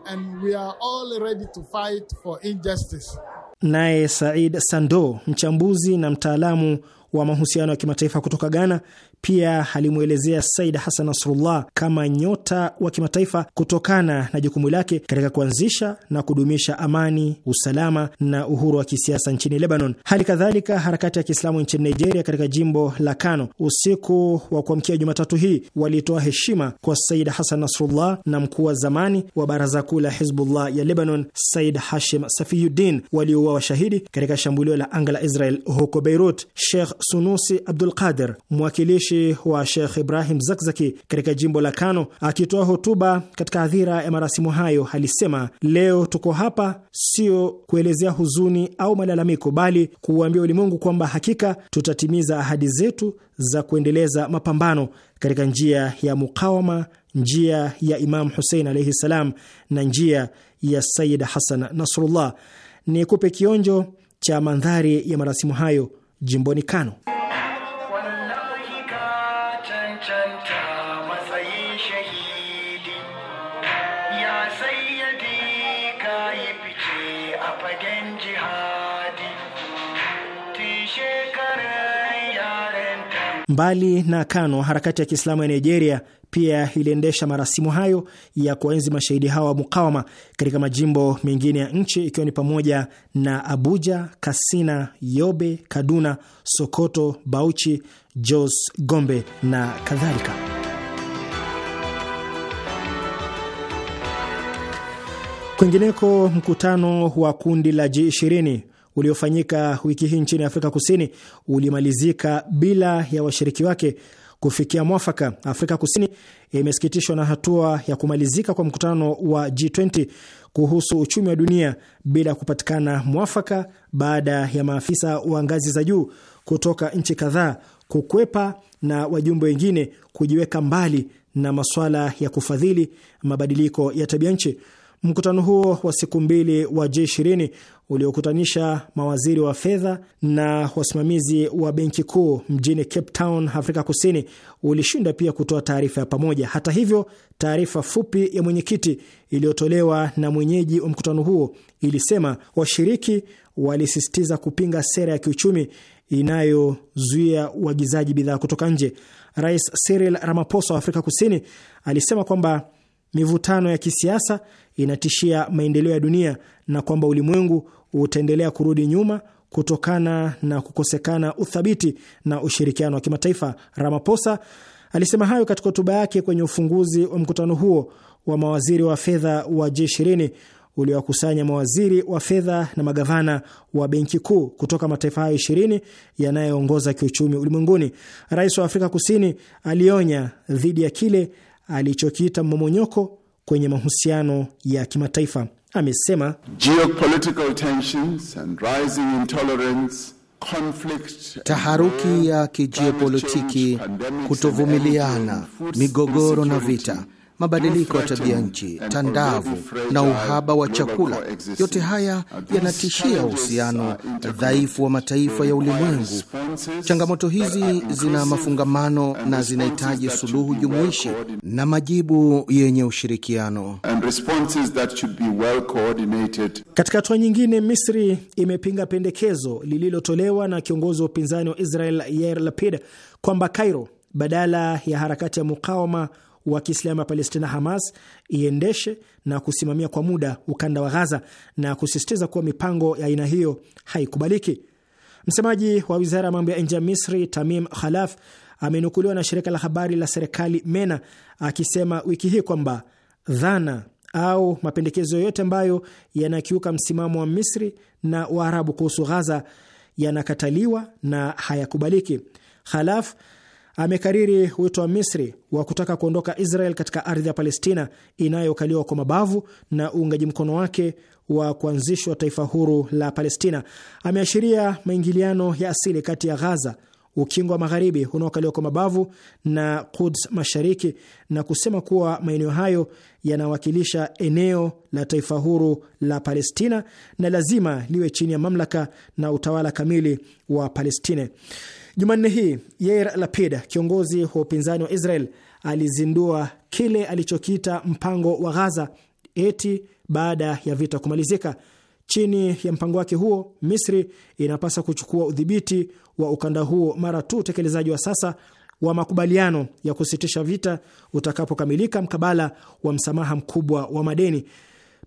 Speaker 1: and we are all ready to fight for injustice.
Speaker 3: Naye Said Sando, mchambuzi na mtaalamu wa mahusiano ya kimataifa kutoka Ghana, pia alimwelezea Said Hassan Nasrullah kama nyota wa kimataifa kutokana na jukumu lake katika kuanzisha na kudumisha amani, usalama na uhuru wa kisiasa nchini Lebanon. Hali kadhalika, harakati ya Kiislamu nchini Nigeria katika jimbo la Kano, usiku wa kuamkia Jumatatu hii walitoa heshima kwa Said Hassan Nasrullah na mkuu wa zamani wa baraza kuu la Hizbullah ya Lebanon, Said Hashim Safiyuddin, waliouawa washahidi katika shambulio la anga la Israel huko Beirut. Sheikh Sunusi Abdul Qadir, mwakilishi mwakilishi wa Shekh Ibrahim Zakzaki katika jimbo la Kano, akitoa hotuba katika hadhira ya marasimu hayo, alisema leo tuko hapa sio kuelezea huzuni au malalamiko, bali kuuambia ulimwengu kwamba hakika tutatimiza ahadi zetu za kuendeleza mapambano katika njia ya mukawama, njia ya Imam Husein alaihi salam na njia ya Sayid Hasan Nasrullah. Ni kupe kionjo cha mandhari ya marasimu hayo jimboni Kano. Mbali na Kano, harakati ya Kiislamu ya Nigeria pia iliendesha marasimu hayo ya kuwaenzi mashahidi hawa wa mukawama katika majimbo mengine ya nchi ikiwa ni pamoja na Abuja, Kasina, Yobe, Kaduna, Sokoto, Bauchi, Jos, Gombe na kadhalika. Kwingineko, mkutano wa kundi la G20 uliofanyika wiki hii nchini Afrika Kusini ulimalizika bila ya washiriki wake kufikia mwafaka. Afrika Kusini imesikitishwa na hatua ya kumalizika kwa mkutano wa G20 kuhusu uchumi wa dunia bila kupatikana mwafaka baada ya maafisa wa ngazi za juu kutoka nchi kadhaa kukwepa na wajumbe wengine kujiweka mbali na masuala ya kufadhili mabadiliko ya tabia nchi. Mkutano huo wa siku mbili wa G20 uliokutanisha mawaziri wa fedha na wasimamizi wa benki kuu mjini Cape Town, Afrika Kusini, ulishinda pia kutoa taarifa ya pamoja. Hata hivyo, taarifa fupi ya mwenyekiti iliyotolewa na mwenyeji wa mkutano huo ilisema washiriki walisisitiza kupinga sera ya kiuchumi inayozuia uagizaji bidhaa kutoka nje. Rais Cyril Ramaphosa wa Afrika Kusini alisema kwamba mivutano ya kisiasa inatishia maendeleo ya dunia na kwamba ulimwengu utaendelea kurudi nyuma kutokana na kukosekana uthabiti na ushirikiano wa kimataifa. Ramaphosa alisema hayo katika hotuba yake kwenye ufunguzi wa mkutano huo wa mawaziri wa fedha wa G20 uliowakusanya mawaziri wa fedha na magavana wa benki kuu kutoka mataifa hayo ishirini yanayoongoza kiuchumi ulimwenguni. Rais wa Afrika Kusini alionya dhidi ya kile alichokiita mmomonyoko kwenye mahusiano ya kimataifa. Amesema
Speaker 5: geopolitical tensions and rising intolerance
Speaker 3: taharuki ya kijiopolitiki, kutovumiliana,
Speaker 1: migogoro na vita mabadiliko ya tabia nchi tandavu na uhaba wa chakula. Yote haya yanatishia uhusiano dhaifu wa mataifa ya ulimwengu. Changamoto hizi zina mafungamano na zinahitaji
Speaker 3: suluhu jumuishi na majibu yenye ushirikiano. Katika hatua nyingine, Misri imepinga pendekezo lililotolewa na kiongozi wa upinzani wa Israel Yair Lapid kwamba Cairo badala ya harakati ya mukawama wa Kiislamu ya Palestina Hamas iendeshe na kusimamia kwa muda ukanda wa Ghaza na kusisitiza kuwa mipango ya aina hiyo haikubaliki. Msemaji wa wizara ya mambo ya nje ya Misri Tamim Khalaf amenukuliwa na shirika la habari la serikali MENA akisema wiki hii kwamba dhana au mapendekezo yoyote ambayo yanakiuka msimamo wa Misri na Waarabu kuhusu Ghaza yanakataliwa na hayakubaliki. Khalaf amekariri wito wa Misri wa kutaka kuondoka Israel katika ardhi ya Palestina inayokaliwa kwa mabavu na uungaji mkono wake wa kuanzishwa taifa huru la Palestina. Ameashiria maingiliano ya asili kati ya Ghaza, ukingo wa magharibi unaokaliwa kwa mabavu na Quds mashariki, na kusema kuwa maeneo hayo yanawakilisha eneo la taifa huru la Palestina na lazima liwe chini ya mamlaka na utawala kamili wa Palestina. Jumanne hii Yair Lapid, kiongozi wa upinzani wa Israel, alizindua kile alichokiita mpango wa Ghaza eti baada ya vita kumalizika. Chini ya mpango wake huo, Misri inapaswa kuchukua udhibiti wa ukanda huo mara tu utekelezaji wa sasa wa makubaliano ya kusitisha vita utakapokamilika, mkabala wa msamaha mkubwa wa madeni.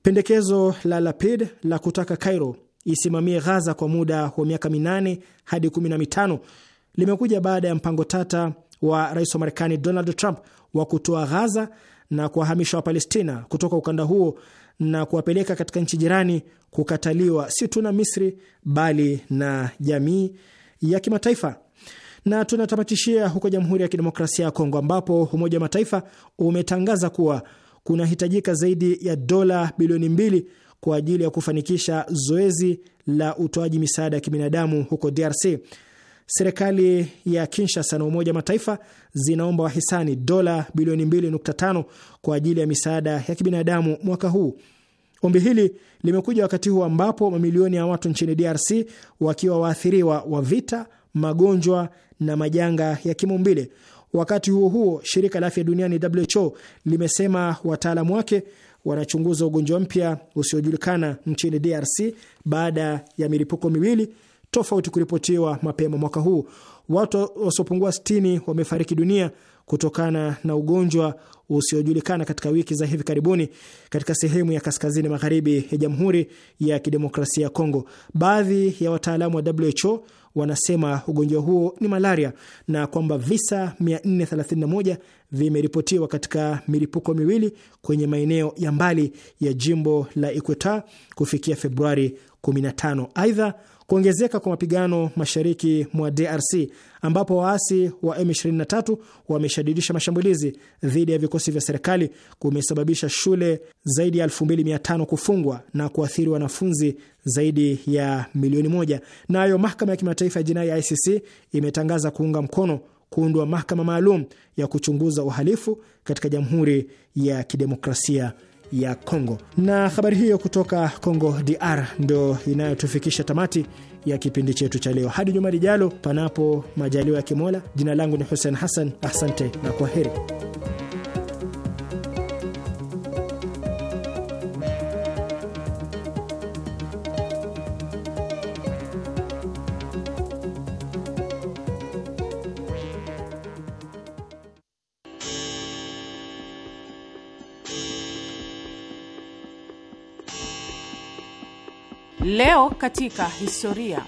Speaker 3: Pendekezo la Lapid la kutaka Cairo isimamie Ghaza kwa muda wa miaka minane hadi kumi na mitano limekuja baada ya mpango tata wa rais wa Marekani Donald Trump wa kutoa Ghaza na kuwahamisha Wapalestina kutoka ukanda huo na kuwapeleka katika nchi jirani, kukataliwa si tu na Misri bali na jamii ya kimataifa. Na tunatamatishia huko Jamhuri ya Kidemokrasia ya Kongo, ambapo Umoja wa Mataifa umetangaza kuwa kunahitajika zaidi ya dola bilioni mbili kwa ajili ya kufanikisha zoezi la utoaji misaada ya kibinadamu huko DRC. Serikali ya Kinshasa na Umoja Mataifa zinaomba wahisani dola bilioni 2.5 kwa ajili ya misaada ya kibinadamu mwaka huu. Ombi hili limekuja wakati huu ambapo mamilioni ya watu nchini DRC wakiwa waathiriwa wa vita, magonjwa na majanga ya kimaumbile. Wakati huo huo, shirika la afya duniani WHO limesema wataalamu wake wanachunguza ugonjwa mpya usiojulikana nchini DRC baada ya milipuko miwili tofauti kuripotiwa mapema mwaka huu. Watu wasiopungua 60 wamefariki dunia kutokana na ugonjwa usiojulikana katika wiki za hivi karibuni katika sehemu ya kaskazini magharibi ya Jamhuri ya Kidemokrasia ya Kongo. Baadhi ya wataalamu wa WHO wanasema ugonjwa huo ni malaria na kwamba visa 431 vimeripotiwa katika milipuko miwili kwenye maeneo ya mbali ya jimbo la Ikweta kufikia Februari 15. Aidha, kuongezeka kwa mapigano mashariki mwa DRC ambapo waasi wa M23 wameshadidisha mashambulizi dhidi ya vikosi vya serikali kumesababisha shule zaidi ya 2500 kufungwa na kuathiri wanafunzi zaidi ya milioni moja. Nayo mahakama ya kimataifa ya jinai ya ICC imetangaza kuunga mkono kuundwa mahakama maalum ya kuchunguza uhalifu katika Jamhuri ya Kidemokrasia ya Kongo. Na habari hiyo kutoka Kongo DR ndo inayotufikisha tamati ya kipindi chetu cha leo. Hadi juma lijalo, panapo majaliwa ya Kimola. Jina langu ni Hussein Hassan, asante na kwa heri.
Speaker 5: Leo katika historia.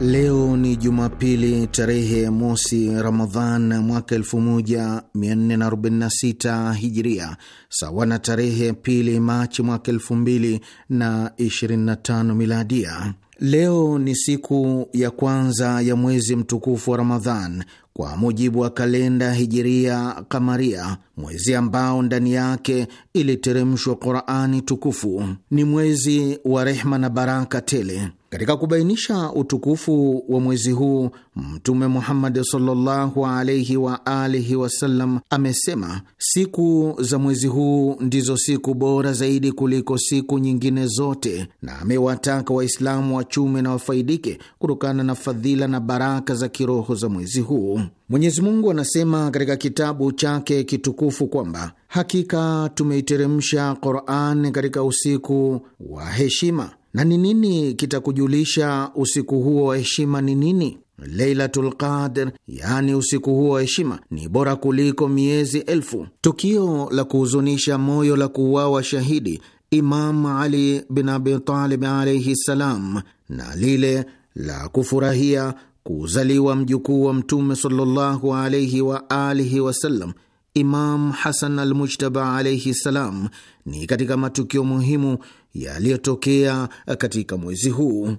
Speaker 1: Leo ni Jumapili tarehe mosi Ramadhan mwaka 1446 Hijria, sawa na tarehe pili Machi mwaka 2025 Miladia. Leo ni siku ya kwanza ya mwezi mtukufu wa Ramadhan kwa mujibu wa kalenda hijiria kamaria, mwezi ambao ndani yake iliteremshwa Qurani tukufu. Ni mwezi wa rehma na baraka tele katika kubainisha utukufu wa mwezi huu, Mtume Muhammadi sallallahu alaihi wa alihi wasallam amesema, siku za mwezi huu ndizo siku bora zaidi kuliko siku nyingine zote, na amewataka Waislamu wachume na wafaidike kutokana na fadhila na baraka za kiroho za mwezi huu. Mwenyezi Mungu anasema katika kitabu chake kitukufu kwamba hakika tumeiteremsha Qur'an katika usiku wa heshima na ni nini kitakujulisha usiku huo wa heshima ni nini? Lailatul Qadr, yaani usiku huo wa heshima, ni bora kuliko miezi elfu. Tukio la kuhuzunisha moyo la kuuawa shahidi Imam Ali bin Abi Talib alaihi ssalam, na lile la kufurahia kuzaliwa mjukuu wa Mtume sallallahu alaihi wa alihi wasallam Imam Hasan Almujtaba alaihi ssalam, ni katika matukio muhimu yaliyotokea katika mwezi huu.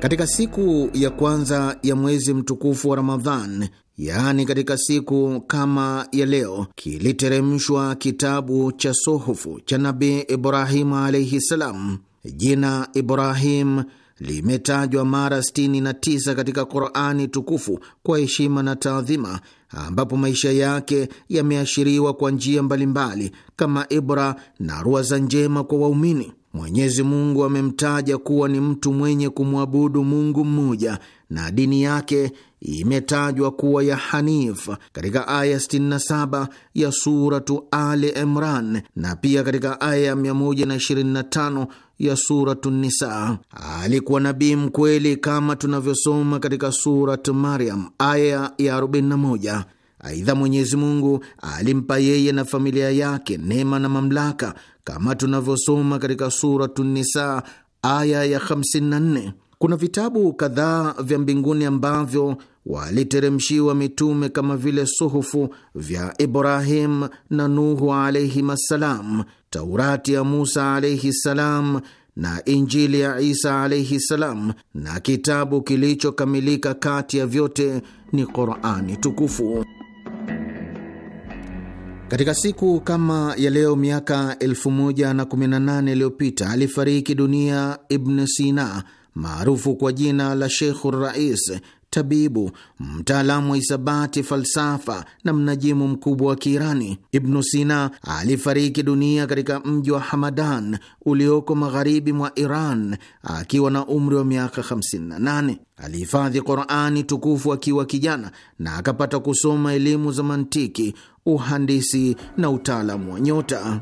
Speaker 1: Katika siku ya kwanza ya mwezi mtukufu wa Ramadhan, yaani katika siku kama ya leo, kiliteremshwa kitabu cha sohofu cha nabi Ibrahimu alaihi ssalam. Jina Ibrahim limetajwa mara 69 katika Qurani tukufu kwa heshima na taadhima ambapo maisha yake yameashiriwa kwa njia mbalimbali kama ibra na ruwaza njema kwa waumini. Mwenyezi Mungu amemtaja kuwa ni mtu mwenye kumwabudu Mungu mmoja na dini yake imetajwa kuwa ya hanif katika aya 67 ya Suratu Ali Imran na pia katika aya 125 ya Suratu Nisa. Alikuwa nabii mkweli kama tunavyosoma katika Suratu Mariam aya ya 41. Aidha, Mwenyezi Mungu alimpa yeye na familia yake neema na mamlaka kama tunavyosoma katika Suratu Nisa aya ya 54. Kuna vitabu kadhaa vya mbinguni ambavyo waliteremshiwa mitume kama vile suhufu vya Ibrahim na Nuhu alaihim assalam, Taurati ya Musa alaihi ssalam na Injili ya Isa alaihi ssalam, na kitabu kilichokamilika kati ya vyote ni Qurani tukufu. Katika siku kama ya leo miaka 1018 iliyopita alifariki dunia Ibn Sina maarufu kwa jina la Sheikhu Rais, tabibu, mtaalamu wa hisabati, falsafa na mnajimu mkubwa wa Kiirani. Ibnu Sina alifariki dunia katika mji wa Hamadan ulioko magharibi mwa Iran akiwa na umri wa miaka 58. Alihifadhi Qurani tukufu akiwa kijana na akapata kusoma elimu za mantiki, uhandisi na utaalamu wa nyota.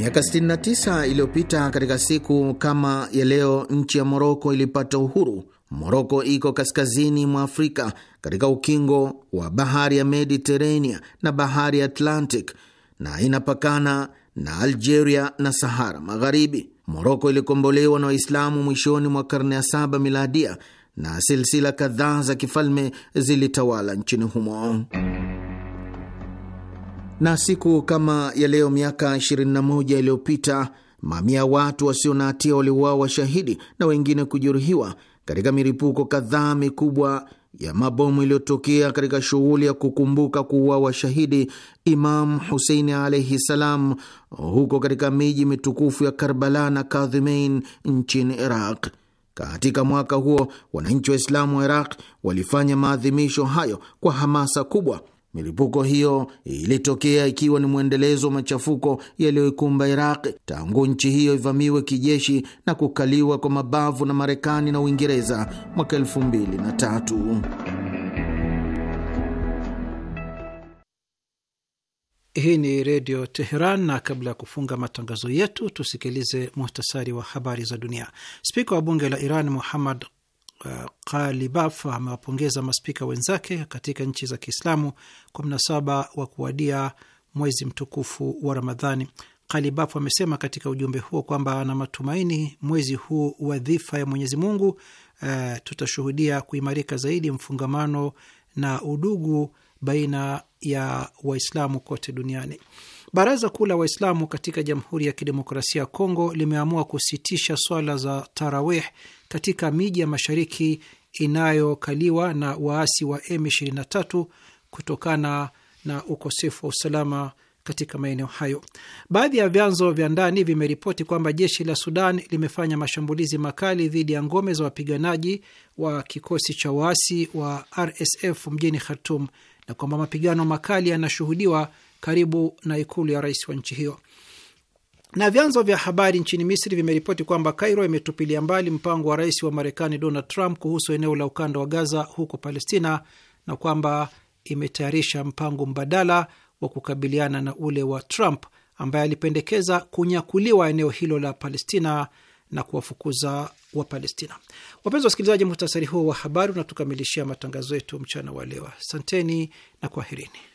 Speaker 1: Miaka 69 iliyopita katika siku kama ya leo, nchi ya Moroko ilipata uhuru. Moroko iko kaskazini mwa Afrika katika ukingo wa bahari ya Mediterania na bahari ya Atlantic na inapakana na Algeria na Sahara Magharibi. Moroko ilikombolewa na Waislamu mwishoni mwa karne ya saba miladia na silsila kadhaa za kifalme zilitawala nchini humo. Na siku kama ya leo miaka 21 iliyopita mamia watu wasio na hatia waliuawa washahidi na wengine kujeruhiwa katika milipuko kadhaa mikubwa ya mabomu iliyotokea katika shughuli ya kukumbuka kuuawa shahidi Imam Huseini alaihi salam huko katika miji mitukufu ya Karbala na Kadhimain nchini Iraq. Katika mwaka huo wananchi Waislamu wa Iraq walifanya maadhimisho hayo kwa hamasa kubwa Milipuko hiyo ilitokea ikiwa ni mwendelezo wa machafuko yaliyoikumba Iraq tangu nchi hiyo ivamiwe kijeshi na kukaliwa kwa mabavu na Marekani na Uingereza
Speaker 4: mwaka 2003. Hii ni Redio Teheran, na kabla ya kufunga matangazo yetu tusikilize muhtasari wa habari za dunia. Spika wa bunge la Iran Muhammad Kalibaf amewapongeza maspika wenzake katika nchi za Kiislamu kwa mnasaba wa kuwadia mwezi mtukufu wa Ramadhani. Kalibaf amesema katika ujumbe huo kwamba ana matumaini mwezi huu wa dhifa ya Mwenyezi Mungu uh, tutashuhudia kuimarika zaidi mfungamano na udugu baina ya Waislamu kote duniani. Baraza Kuu la Waislamu katika Jamhuri ya Kidemokrasia ya Kongo limeamua kusitisha swala za tarawih katika miji ya mashariki inayokaliwa na waasi wa M23 kutokana na ukosefu wa usalama katika maeneo hayo. Baadhi ya vyanzo vya ndani vimeripoti kwamba jeshi la Sudan limefanya mashambulizi makali dhidi ya ngome za wapiganaji wa kikosi cha waasi wa RSF mjini Khartum na kwamba mapigano makali yanashuhudiwa karibu na ikulu ya rais wa nchi hiyo. Na vyanzo vya habari nchini Misri vimeripoti kwamba Kairo imetupilia mbali mpango wa rais wa Marekani Donald Trump kuhusu eneo la ukanda wa Gaza huko Palestina na kwamba imetayarisha mpango mbadala wa kukabiliana na ule wa Trump ambaye alipendekeza kunyakuliwa eneo hilo la Palestina na kuwafukuza Wapalestina. Wapenzi wasikilizaji, muhtasari huo wa habari unatukamilishia matangazo yetu mchana wa leo. Asanteni na kwaherini.